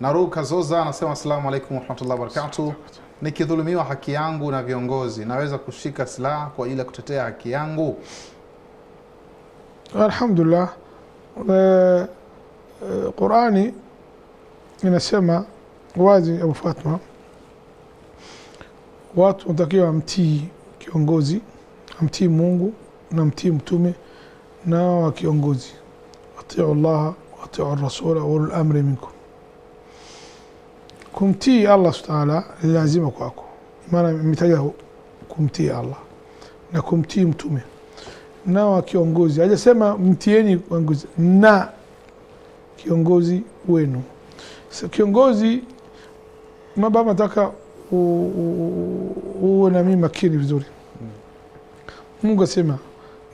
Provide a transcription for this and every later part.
Naru Kazoza anasema asalamu alaikum warahmatullahi wabarakatuh. Nikidhulumiwa haki yangu na viongozi, naweza kushika silaha kwa ajili ya kutetea haki yangu? Alhamdulillah, eh, eh, Qurani inasema wazi, Abu Fatma, watu wanatakiwa amtii kiongozi, amtii Mungu na mtii mtume na wa kiongozi, atiu llaha waatiu rasula ulul amri minkum kumtii Allah subhanahu wa ta'ala ni lazima kwako, maana imetaja kumtii Allah na kumtii mtume na wa kiongozi. Hajasema mtieni kiongozi na kiongozi wenu. So, kiongozi mababa nataka uwe na mimi makini vizuri. Mungu asema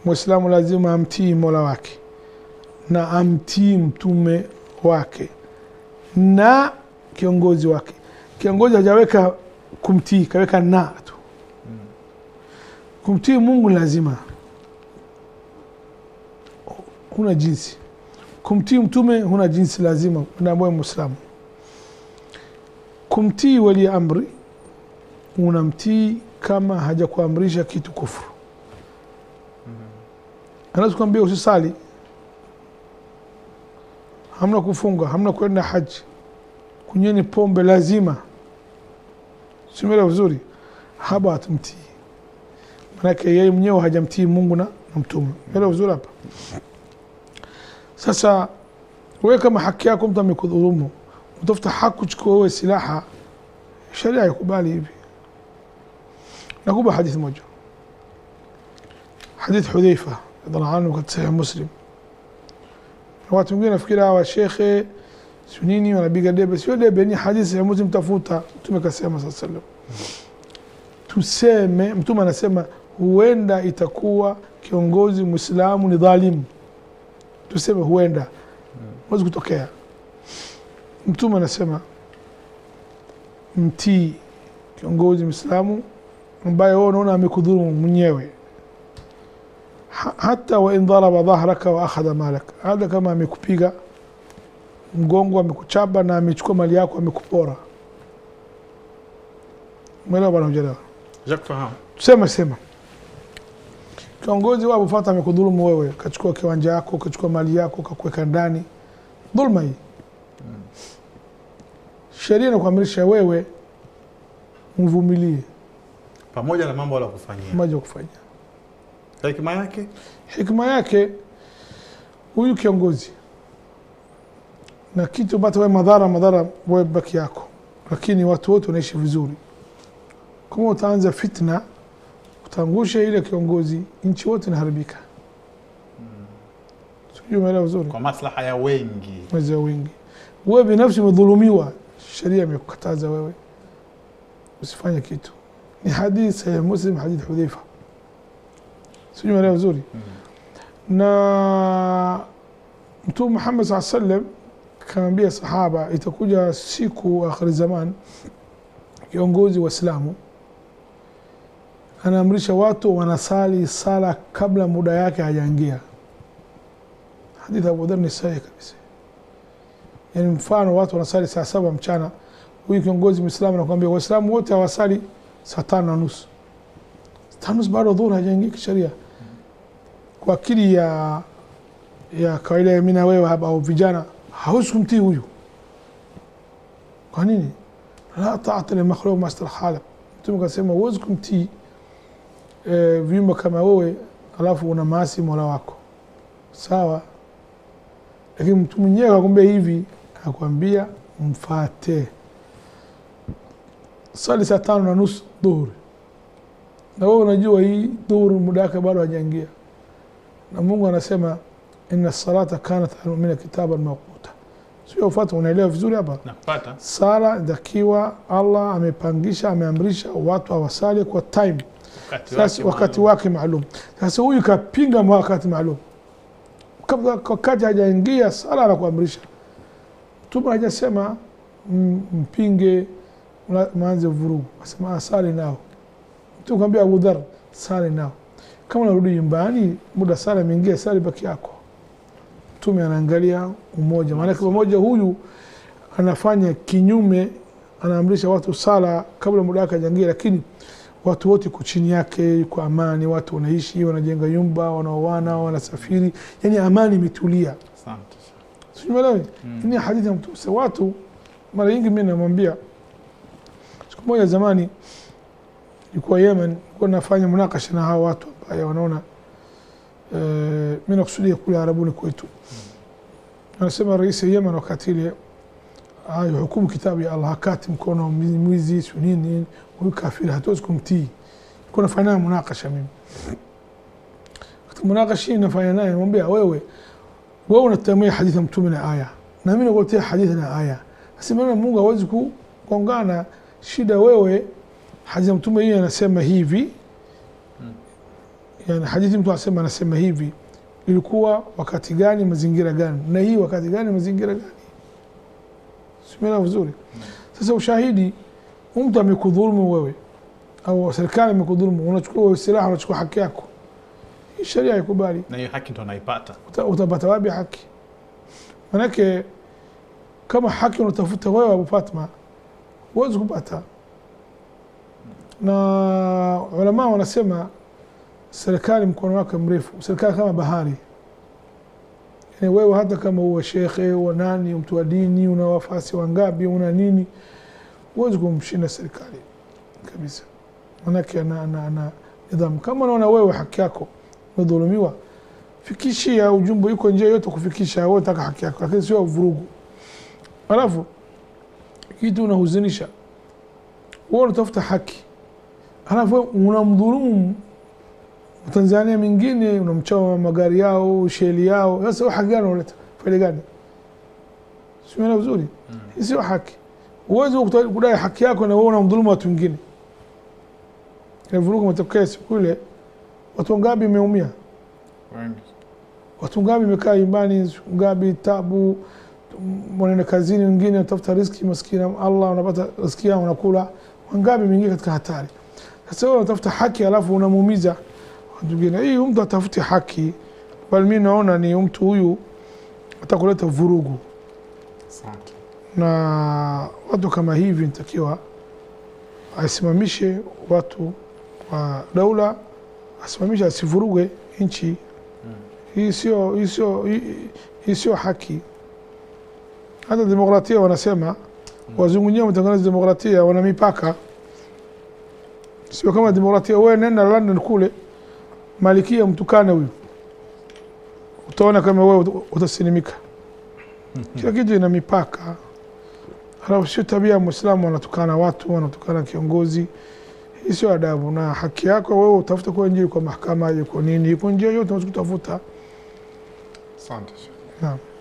Mwislamu lazima amtii Mola wake na amtii mtume wake na kiongozi wake. Kiongozi hajaweka kumtii, kaweka na tu. Kumtii Mungu lazima, huna jinsi. Kumtii mtume huna jinsi, lazima unaambiwa Muislamu. Kumtii wali amri, unamtii kama hajakuamrisha kitu kufuru. Anaweza kuambia usisali, hamna kufunga, hamna kwenda haji kunyweni pombe lazima, simeelewa vizuri, haba hatumtii, manake yeye mwenyewe hajamtii Mungu na mtume. Umeelewa vizuri hapa? Sasa wewe kama haki yako mtu amekudhulumu, utafuta haki kuchukua wewe silaha, sharia ikubali hivi. Nakupa hadithi moja, hadithi Hudhaifa radhiallahu anhu katika Sahih Muslim, na watu wengine nafikiri hawa shekhe sio nini, wanapiga debe. Sio debe, ni hadithi ya Muzi mtafuta. Mtume kasema saa sallam, tuseme Mtume anasema huenda itakuwa kiongozi mwislamu ni dhalimu, tuseme huenda wezi kutokea. Mtume anasema mtii kiongozi mwislamu ambaye wewe unaona amekudhuru mwenyewe hata wain dharaba dhahraka wa akhadha malak, hata kama amekupiga mgongo, amekuchaba na amechukua mali yako, amekupora. Mwelewa bwana, hujelewa? Jakufahamu. Tuseme sema kiongozi wa Abu Fatah amekudhulumu wewe, kachukua kiwanja yako, kachukua mali yako, kakuweka ndani. Dhulma hii mm. Sheria inakuamrisha wewe mvumilie, pamoja na mambo aliyokufanyia, mambo aliyokufanyia. Hikma yake, hikma yake huyu kiongozi na kitu ambacho we madhara madhara wewe baki yako, lakini watu wote wanaishi vizuri. Kama utaanza fitna, utaangusha ile kiongozi, nchi wote inaharibika. Hmm. Sijui umeelewa vizuri, kwa maslaha ya wengi, ya wengi. Wewe binafsi umedhulumiwa, sheria imekukataza wewe usifanye kitu. Ni hadithi sahihi Muslim, hadithi Hudhaifa, sijui umeelewa vizuri hmm. na Mtume Muhammad sallallahu alaihi wasallam Kaambia sahaba, itakuja siku akhiri zaman, kiongozi Waislamu anaamrisha watu wanasali sala kabla muda yake hajaingia. Hadithi Abu ni sahihi kabisa. Yani mfano watu wanasali saa saba mchana, huyu kiongozi mwislamu anakuambia Waislamu wote hawasali saa tano na nusu. tanus bado dhuhuri hajaingia kisheria. Kwa akili ya ya kawaida ya na wewe hapa au vijana hawezi kumtii huyu. Kwa nini? la taata li makhluq ma istalhala. Mtume kasema huwezi kumtii e, viumbe kama wewe, alafu una maasi mola wako, sawa. Lakini mtu mwenyewe akakwambia hivi, akakwambia mfate, sali saa tano na nusu dhuhuri, na wewe unajua hii dhuhuri muda wake bado hajaingia, na Mungu anasema inna salata kanat alal kitaban mawquta sio ufuate, unaelewa vizuri hapa. Napata. Sala dakiwa Allah amepangisha, ameamrisha watu awasali kwa time sasa, wakati wake maalum. Sasa huyu kapinga wakati maalum, wakati hajaingia sala anakuamrisha. Mtume hajasema mm, mpinge mwanze vurugu, asema asali ah, nao. Mtume kwambia Abu sali nao. Kama unarudi nyumbani, muda sala imeingia, sali baki yako. Mtume anaangalia umoja, maanake umoja huyu anafanya kinyume, anaamrisha watu sala kabla muda wake hajaingia, lakini watu wote ko chini yake, kwa amani, watu wanaishi, wanajenga nyumba, wanaoana, wanasafiri, yani amani imetulia. Asante sana. Hmm. Ni hadithi ya Mtume. Watu mara nyingi mimi namwambia, siku moja zamani ilikuwa Yemen, nilikuwa nafanya munakasha na hao watu ambao wanaona eh, mi nakusudia kule Arabuni kwetu. Anasema rais wa Yemen wakati ile ayo hukumu kitabu ya Allah hakati mkono mwizi si nini, huyu kafiri hatuwezi kumtii. Kuna fanya munakasha mimi katika munakasha hii nafanya naye, namwambia wewe, wewe unatamia hadithi ya mtume na aya na mimi nakuletea hadithi na aya. Nasema Mungu hawezi kugongana, shida wewe hadithi ya mtume hii anasema hivi, yani hadithi mtu asema anasema hivi ilikuwa wakati gani, mazingira gani, na hii wakati gani, mazingira gani. Simela vizuri. Sasa ushahidi, mtu amekudhulumu wewe au serikali amekudhulumu, unachukua silaha, unachukua haki yako, hii sheria haikubali. Na hiyo haki ndo unaipata, utapata wapi haki? Manake kama haki unatafuta wewe, Abu Fatma, huwezi kupata. Na ulamaa wanasema serikali mkono wake mrefu, serikali kama bahari. Yani wewe hata kama uwe shekhe uwe nani, mtu wa dini, una wafasi wangapi, una nini, huwezi kumshinda serikali kabisa, manake ana, ana, ana nidhamu. Kama unaona wewe haki yako umedhulumiwa, fikishia ujumbe, yuko njia yote kufikisha wewe taka haki yako, lakini sio vurugu. Alafu kitu unahuzunisha wewe, unatafuta haki, alafu unamdhulumu Tanzania mingine unamchoma magari yao, sheli yao. Sasa haki gani unaleta? Faida gani? Simeona vizuri? Mm. Sio haki. Uwezo kudai haki yako na wewe unamdhulumu watu wengine. Vurugu matokeo siku ile watu wangapi wameumia? Wengi. Watu ngapi wamekaa nyumbani, ngapi tabu, wanaenda kazini, wengine wanatafuta riski maskini Allah, wanapata riski yao, wanakula. Wangapi wameingia katika hatari? Sasa wewe unatafuta haki alafu unamuumiza jingine. Hii mtu atafuti haki, bali mi naona ni mtu huyu atakuleta vurugu. Asante. Na watu kama hivi nitakiwa asimamishe watu wa daula, asimamishe, asivuruge nchi hmm. Hii sio hii sio hii sio haki. Hata demokratia wanasema hmm. Wazungu watengeneza demokratia, wana mipaka, sio kama demokratia. Wewe nenda London kule Malikia mtukane huyu, utaona kama wewe utasinimika. Hmm. Kila kitu ina mipaka. alafu sio tabia ya Muislamu wanatukana watu, wanatukana kiongozi. Hii sio adabu, na haki yako wewe utafuta kwa njia, kwa mahakama, kwa nini, kwa njia yote unaweza kutafuta. Asante. sana.